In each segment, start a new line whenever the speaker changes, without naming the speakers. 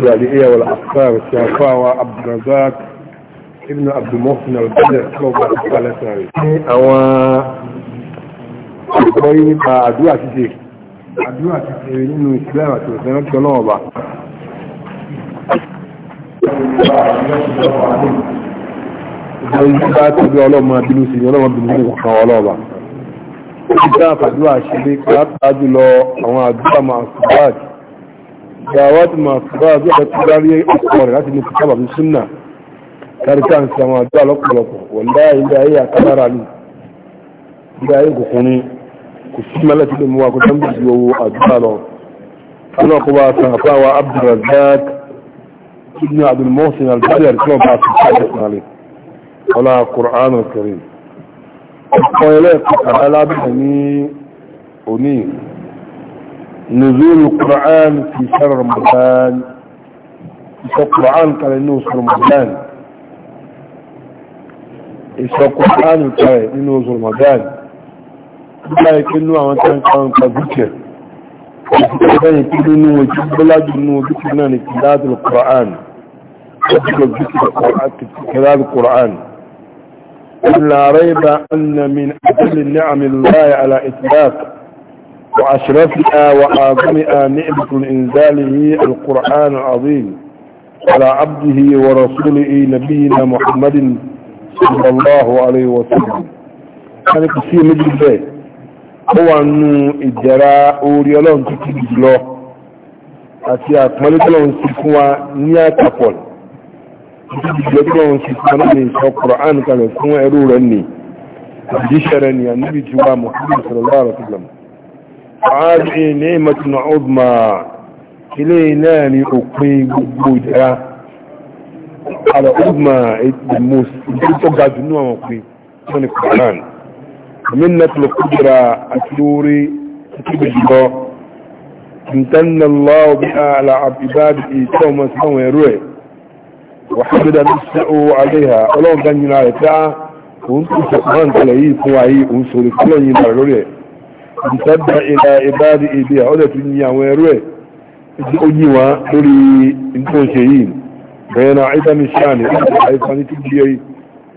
الإسرائيلية والأفكار الشافاوى عبد الرزاق ابن عبد المحسن البدر لوبا قال ساري أو أقوي ما أدوى تجي أدوى تجي إنه إسلام تلسنة جنوبة Ìjọba ti bí ọlọ́mọ abínú sí ọlọ́mọ abínú sí ọ̀kan ọlọ́ọ̀bà. Ó ti dá àfàdúrà ṣe lé pàápàá jùlọ àwọn àdúrà máa sùgbàdì dáwàtí masu bá zuwa da turari a kawai láti nufi kaba bi sunna karfi an sama da lọ́pọ̀lọpọ̀ wanda ya yi da ya kamara ni da ya kukuni ku fi malati da muwa ku tambi yiwu a dukkanin ana kuma safawa abdulrazak ibn abdul muhsin al-badar kuma ba su ta da wala qur'an al-karim ko ile ala bi ni oni نزول القرآن في شهر رمضان يسوى القرآن قال إنه وصل رمضان يسوى القرآن قال إنه وصل رمضان لا يكنوا عن كان كان كذكر إنه يكنوا بلاد إنه ذكرنا نتلاد القرآن ذكر ذكر القرآن تلاد القرآن لا ريب أن من أجل النعم الله على إطلاق وأشرفها وأعظمها نعمة إنزاله القرآن العظيم على عبده ورسوله نبينا محمد صلى الله عليه وسلم كان كسي مجلس هو أنه إجراء أوريالون تكيب له أتي أكملت لهم سيكوا نيا كفول تكيب لهم سيكوا نيا القرآن كان يكون أرورني أجيشرني النبي جوا محمد صلى الله عليه وسلم ààrẹ ní ìmọ̀tún ọgbà ilé náà ni òpin gbogbo ìdára àlọ́ ọgbà ìgbẹ́gbọ́gbà jùlọ àwọn òpin tó ní kọ̀ọ̀rán minnatul kudura àti lórí títíbi jùlọ ìtànnà lọ́wọ́ bí àlà àbíbáàbí ìtọ́ ọmọ sí àwọn ẹ̀rọ ẹ̀ انتبع الى عباده بعودة النية ويروي اجي وا لوري انتو شيئين بين عدم الشاني عدم الشاني تبجي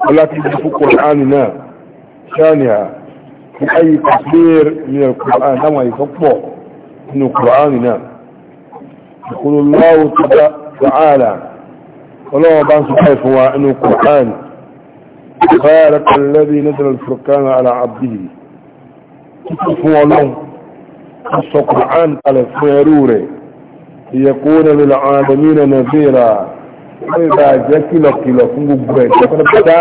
ولكن في قرآننا شانها في اي تصوير من القرآن لما يفقه من قرآننا يقول الله تعالى والله بان سبحانه هو القرآن خالق الذي نزل الفرقان على عبده títí fún ọlọ́run sọ kùrán kalẹ̀ fún ẹrú rẹ̀ ìyẹ̀kóónà lílọ àdàmínà nà bèèrà wọ́n ìgbà jẹ́ kìlọ̀kìlọ̀ fún gbogbo ẹ̀ tẹ́kọ̀tẹ́kọ̀tá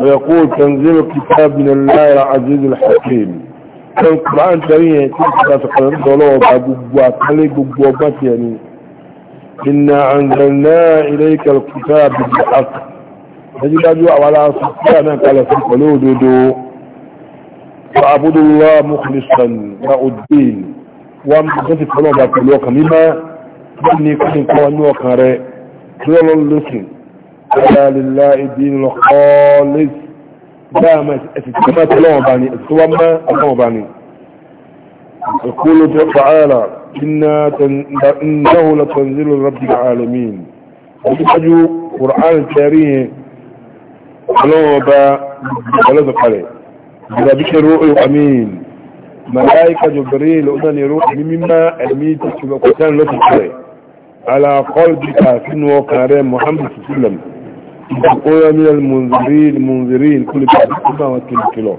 ويقول تنزيل كتاب من الله العزيز الحكيم كان قرآن تريه تلك تقرر دولو بابو واتلي بابو يعني إنا أنزلنا إليك الكتاب بالحق نجد أجواء ولا أصدقنا قال في قلود دو واعبدوا الله مخلصا له الدين وما كنت تقولوا ذاك الوقت مما بني كنت قوانو كره دول اللسن ألا لله الدين الخالص دامت اتتمت لهم باني اتتوما لهم باني يقول تعالى إنا تن... إنه لتنزيل رب العالمين وتحجوا قرآن الكريم لهم با بلد قليل
بربك الروح
أمين ملائكة جبريل أذن روح مما الميت وقتان لا تشتري على قلبك فين وكريم محمد صلى الله عليه وسلم تقول من المنذرين المنذرين كل كلمة وكل كلام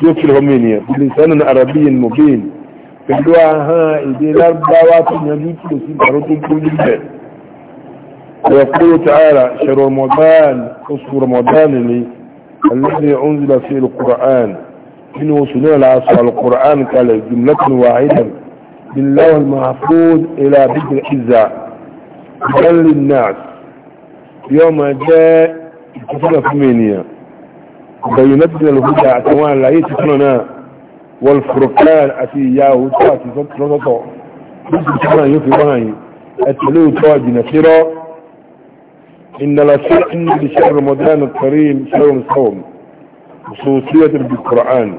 شوف الهمينية بلسان عربي مبين pẹ̀lú ahán èdè lágbàwá tó yanjú tí ó sí ìgbàrú tó kú nílẹ̀ ẹ̀rọ kúrò tààrà ṣẹ̀rọ mọ̀dán oṣù rọmọdán ni alẹ́ni oúnjẹ lọ sí ìlú kùrán إنه وصلنا العصر القرآن قال جملة واحدة بالله المحفوظ إلى ذكر العزة بل للناس يوم جاء اتفنا ثمانية بينتنا الهدى أتوان لا يتفننا والفرقان أتي ياهو تاتي فترة تطع يفي وهي أتلو تواجي نصيرا إن لشر إن بشهر رمضان الكريم شهر صوم خصوصية بالقرآن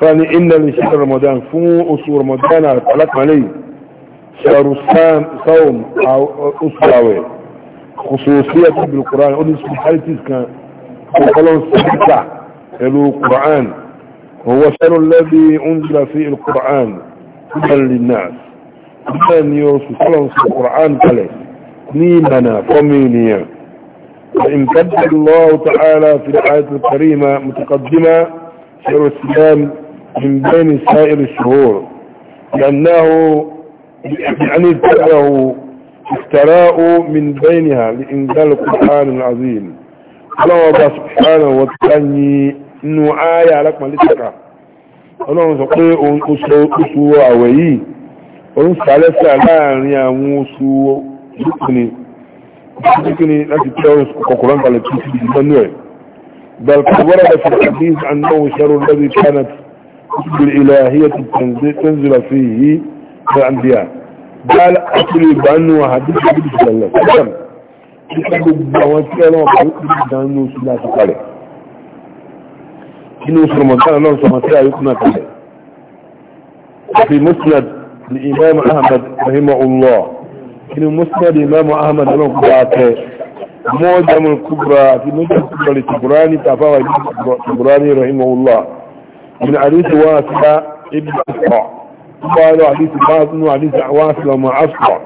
فاني إن لشهر رمضان فو أسو رمضان أطلق عليه شهر السام صوم أو أسراوي خصوصية بالقرآن اولي اسم حالتي كان وقالوا السبتة القرآن هو شهر الذي أنزل فيه القرآن هدى للناس كان نيوس صلى الله القرآن كله نيمنا فمينيا فإن وامتد الله تعالى في الآية الكريمة متقدمة شهر السلام من بين سائر الشهور لأنه يعني اتبعه افتراء من بينها لإنزال القرآن العظيم قال الله سبحانه وتعالى إنه آية لك ما لتكا قال الله سبحانه òun oṣù àwẹ̀ yìí òun sàlẹ́sà ذكري لكن تلاوز كوكولان قال تشيكي بل قد ورد في الحديث أنه شر الذي كانت بالإلهية تنزل فيه في الأنبياء قال أكلي بأنه وهديك حديث صلى الله عليه وسلم يقول بواتي الله وقال أنه سلا تقالي إنه سرمضان الله سمسيا يقنى في مسند الإمام أحمد رحمه الله inú musnad imam ahmad ló kú bá tẹ mọ́jàmù kubra àti mọ́jàmù kubra lè tìbúrání tàfáwà ibi tìbúrání rahimahullah min àdísì wá sílá ibi àfọ́ wọ́n wá lọ àdísì bá sínú àdísì wá sílá mọ́ àfọ́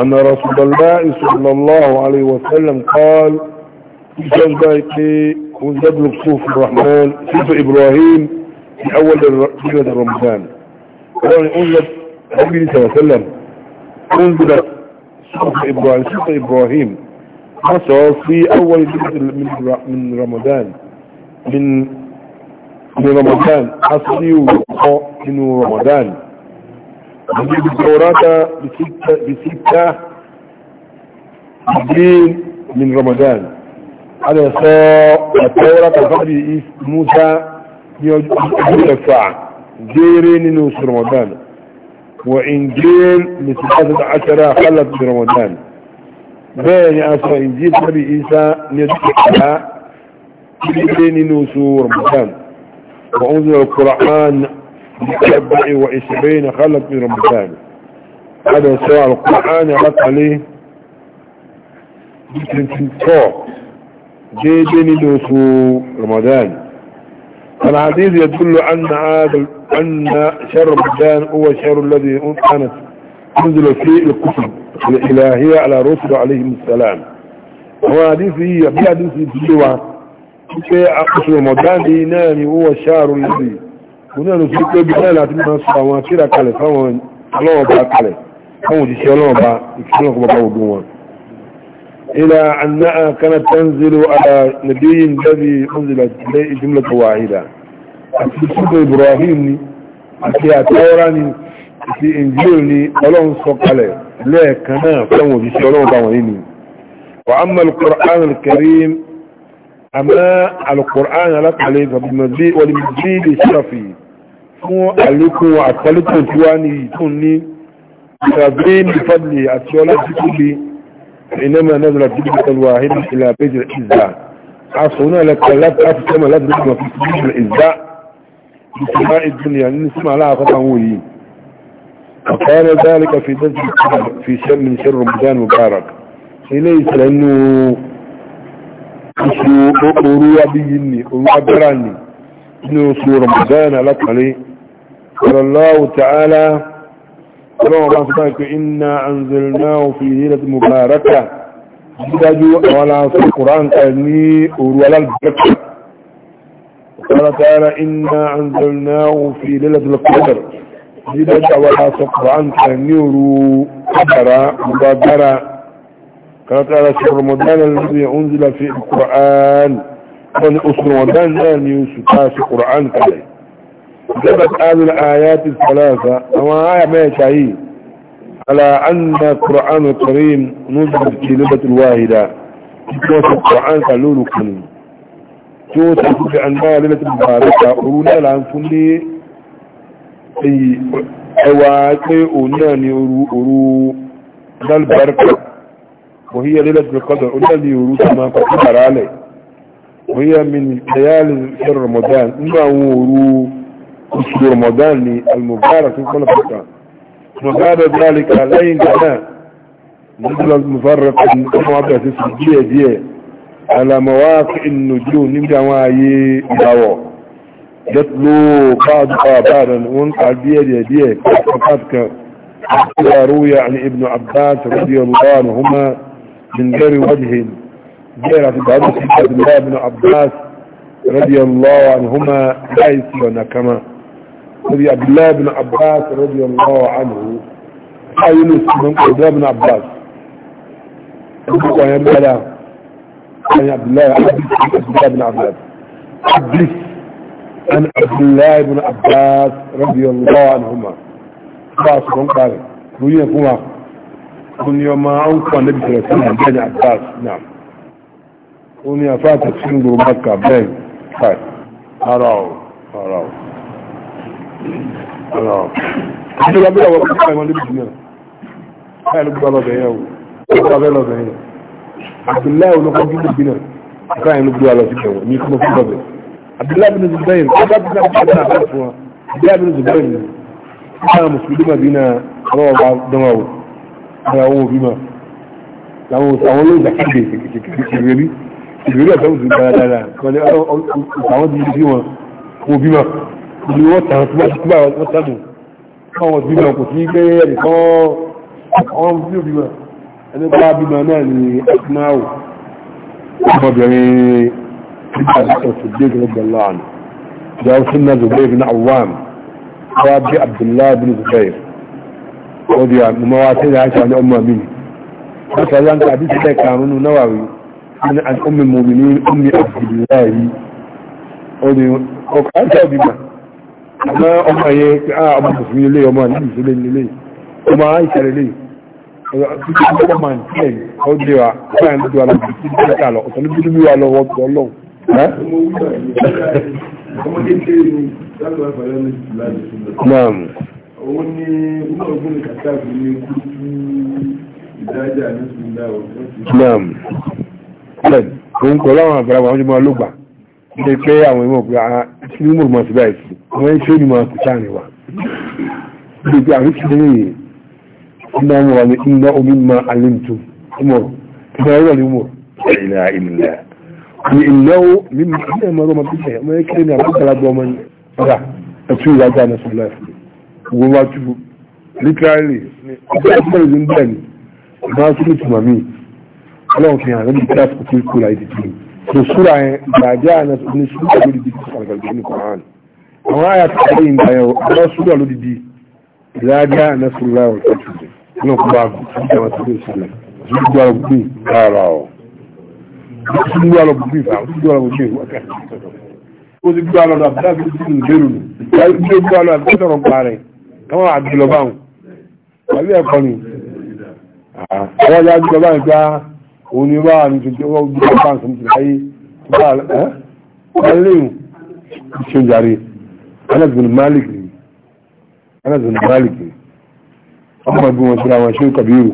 أن رسول الله صلى الله عليه وسلم قال يجب ذلك ويبلغ صوف الرحمن صوف إبراهيم في أول ليلة رمضان قال أنزل النبي صلى الله عليه وسلم أنزلت صحف إبراهيم صحف إبراهيم حصل في أول جزء من رمضان من من رمضان حصل وقاء من رمضان نجيب الدورات بستة بستة جزئين من رمضان على صاء التوراة قبل موسى يوجد الساعة جيرين نوس رمضان وإنجيل لثلاثة عشره خلت برمضان بين أسوى إنجيل نبي إيسى يدخلها بين نوسو رمضان وأنزل القرآن بأربع وعشرين خلت برمضان هذا سواء القرآن يحط عليه بين نوسو رمضان العزيز يدل أن هذا أن شر رمضان هو الشر الذي كانت تنزل فيه الكتب الإلهية على رسل عليهم السلام وحديثه يبدأ حديثه في أقصر رمضان ناني هو الشهر الذي هنا نسيك بنا لا تبنى صلى الله عليه وسلم كالي فهو الله بقى كالي فهو جيشي الله بقى يكشنك بقى ودوان إلى أنها كانت تنزل على نبي الذي أنزلت إليه جملة واحدة àti ṣúgbọ́ Ibrahim ni àti àtọ́wọ́rá ni àti ìjírò ni ọlọ́run sọ kalẹ̀ lẹ́ẹ̀kan náà fẹ́wọ̀n òjíṣẹ́ ọlọ́run bá wọ̀nyí ni wà á mọ̀ al-Qur'an al-Karim àmọ́ al-Qur'an alákàlẹ̀ wàlìmọ̀dé lè bí kọlu láti sọ́mọ̀ láti lọ́mọ̀ fi ìzà بسماء الدنيا يعني نسمع لها فطعوه وكان ذلك في دزل في شر من شر رمضان مبارك ليس لأنه أروى بيني أروى براني إنه سور رمضان لك عليه قال الله تعالى قال الله سبحانه إنا أنزلناه في هيلة مباركة بدأ ولا في القرآن قال لي أروى البركة قال تعالى إنا أنزلناه في ليلة القدر
ليلة لا
سقف عنك نور قدر مبادرة قال تعالى شهر رمضان الذي أنزل في القرآن قال يعني أسر رمضان لا يوسف في القرآن كذلك جبت هذه الآيات الثلاثة أما آية ما يشعيه على أن القرآن الكريم نزل في ليلة الواحدة في القرآن كاللول كلمة tí ó ti fi àgbà lẹ́lẹ́ tí bàbá rẹ̀ òru náà là ń fún ní ẹwà pé وهي ليلة القدر الذي يروس ما قدر علي وهي من ليالي شهر رمضان إما ورو أسر رمضان المبارك في كل فترة وبعد ذلك لين كان نزل المفرق من أمعبة السجية ديه على مواقع النجوم نبدا واي داو يتلو بعض قاد قاد بيه قاد قاد قاد روي عن ابن عباس رضي الله عنهما من غير وجه قاد قاد قاد عبد الله بن عباس رضي الله عنهما لا يسيرنا كما رضي عبد الله بن عباس رضي الله عنه أي نسي من عبد الله بن عباس أبوك يا عن عبد الله عبد الله بن عباس عبد عن عبد الله بن عباس رضي الله عنهما فاصل قال رويكما كن يوم أنقى النبي صلى الله عليه وسلم عباس نعم قل يا فاتح سند مكة بين خير أراو أراو أراو عبد الله بن عباس قال النبي صلى الله عليه وسلم قال النبي صلى الله عليه وسلم abdullahi olókojú ló bínà ọkọ àyìn ló gbé wa lọ sí ẹ̀wọ̀n ní kúmọ fún bọbẹ abdullahi bin zubair ọba bin abdullahi bin abdullahi fún wa abdullahi bin zubair ni ọba mùsùlùmí madina ọlọ́wọ́ bá dánwà wò ara wọn òbí ma làwọn àwọn olóyìn dàkídè ìrèrí ìrèrí ọ̀sán mùsùlùmí dáradára kọ́lé àwọn ti fi wọn wọn òbí ma ìlú wọn tàn tí wọn tàn wọn tàn wọn òbí ma kò sí pé ẹnìkan àwọn òbí ma ẹni bá bímọ náà ni asmáwò ọmọbìnrin nígbà tó ti dé gẹ́gẹ́ láàánú ìjà òsín náà zubair bin awam wá bí abdullahi bin zubair ó di àmọ́ wá sí ìyáṣà ní ọmọ mi wọ́n sọ yán ká àdíṣe bẹ́ẹ̀ karùn ún náwà rí ní an ọmọ mọ̀mìnì ọmọ abdullahi ó di ọmọ ìpínlẹ̀ ọdún wa báyìí lọ́dún wa lọ́dún tí ó kà lọ ọ̀tọ̀ ní bídú wa lọ́wọ́ tó ọlọ́run. Òun kọ̀ láwọn àgbàrá wọn jọmọ lọ́gbà. Ṣé pé àwọn ìmọ̀ pé ara tí mímọ̀ mọ̀ sí báyìí wọ́n ń ṣe ní mọ̀ sí sáà ọmọ wọn ni iná omi ma alimtu umaru ìgbà wọn ni umaru ìlà ìlà ni ìnáwó mímọ ní ẹmọ ọmọ bí ṣe ọmọ ẹkẹrẹ ní àbúgbàlagbà ọmọ ní ọ̀rà ẹtú ìwájú àná sọlá ẹfẹ wọn wá tú literally ọjọ́ ìgbà ìlú ń bẹ̀ ni ọmọ akíní tùmọ̀ mi ọlọ́run fi hàn lórí ìgbà àsìkò ìkú láì dìtì mi kò súra yẹn ìgbàjá àná ní súra lórí ìdí ìsàlùkàlùkù ní kọ̀ọ̀án àwọn àyà tó kọ́ ìgbà yẹn àwọn súra lórí ìdí ìgbàjá àná sọlá ọ̀rọ̀ ọlọ́run kó bá gbé ah, àwọn tó lè sílẹ̀ ọmọ ẹgbẹ́ wọn síra wọn ṣe kàbírù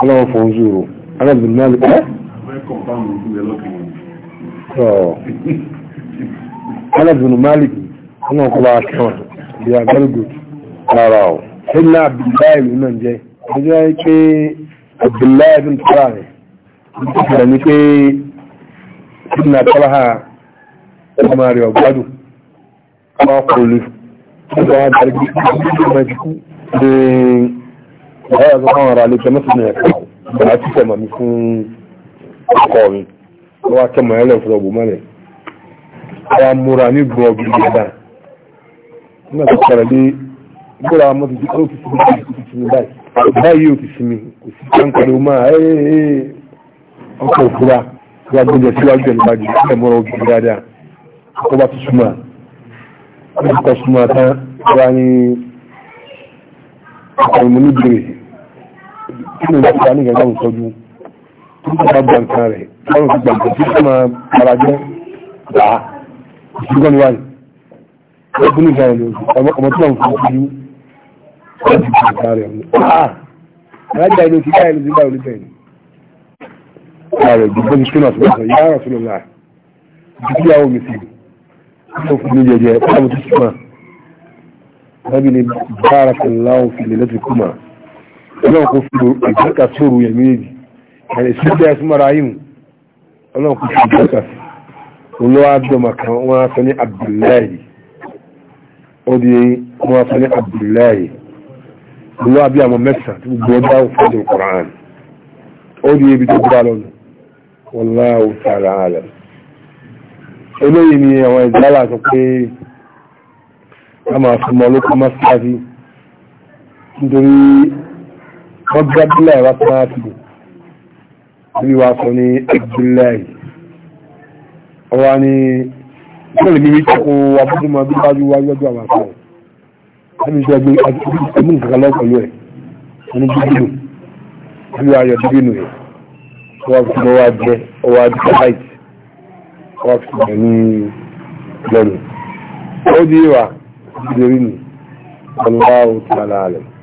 ọlọ́wọ́ fún zúrò alábìnrin náà lè pẹ́ alábìnrin malik ọmọ ọkọ̀lá akẹ́wọ̀n bí i agbẹ́lgùt rárá ọ̀ sínú abdullahi ló náà jẹ́ ọjọ́ pé abdullahi bin tara rẹ̀ nígbà ní pé sínú ọmọ rẹ̀ ọgbádùn ọmọ ọkọ̀ olú ọmọ adarí gbígbó ọmọ ẹ̀dínkù ní ọ̀rọ̀ tó káwọn ará lè tẹ́ mọ́sí ní ẹ̀ka ọ̀rọ̀ àti tẹ̀mà mi fún ọkọ mi wọ́n á tẹ̀mà ẹlẹ́ fún ọgbọ̀n mẹ́lẹ̀ ara múra ní gbọ́ gidi ẹ̀dá nígbà tó kọ̀rọ̀ dé gbọ́ra mọ́ ti ó ti sinmi ó ti sinmi báyìí báyìí ó ti sinmi kò sí káńkọ̀rọ̀ ó máa ọkọ̀ òfura wọ́n gbọ́dọ̀ síwájú ẹ̀ nígbàjú ẹ̀ mọ́ra obìnrin dáadáa ọkọ̀ bá ti súnmọ́ àti ọkọ̀ súnmọ́ àtàn wọ́n ọ̀rọ̀ mo ní bèrè kí ló ń bá ní gàgà òtọ́jú tó ń bá gba nǹkan rẹ̀ lọ́rùn ti gbàgbọ́ tí ó máa para jẹ́ gbà á ìṣúgbọ́n ni wáyé ó tún ní ìgbà ẹ̀lú ọmọ tí wọ́n fi ojú wọ́n ti gbà nǹkan rẹ̀ alájà ilé ti káyọ̀ nígbà olùbẹ̀ ni ààrẹ ìdìbò ní kí náà tó lọ́sọ̀ yára tó lọ́la ìdílé àwọn mi sì ó fún mi jẹjẹ ó lọ́mọ tó sì máa lábí ni bára kàláwọ̀ fi lè lẹ́tì kúmà ọlọ́run kò fi ìgbẹ́ka sóòrò yẹ̀mí èdè ẹ̀rẹ̀ sí bí ẹ̀sùn mara yìí ọlọ́run kò fi ìgbẹ́ka sí olówó àjọmọ̀ kan wọ́n sọ ní abdullahi ó di wọ́n sọ ní abdullahi olówó àbí àmọ́ mẹ́ta tí gbogbo ọjọ́ fún ọdún koran ó di ibi tó gbá lọ́nà wallahu ta'ala alam eléyìí ni àwọn ìgbàlá sọ pé ká máa fún ọmọ olókùn mọ́síláàsì nítorí wọ́n gbé abdullahi wá sí láti bí wá sọ ní abdullahi ọwá ní ìṣẹ̀lẹ̀ mi kò abúdúmọ̀ bí wájú wájú ọjọ́ àwọn àṣà ẹni ìṣẹ́ gbé ẹmú nǹkan ó di wà جريني والله تعالى عالم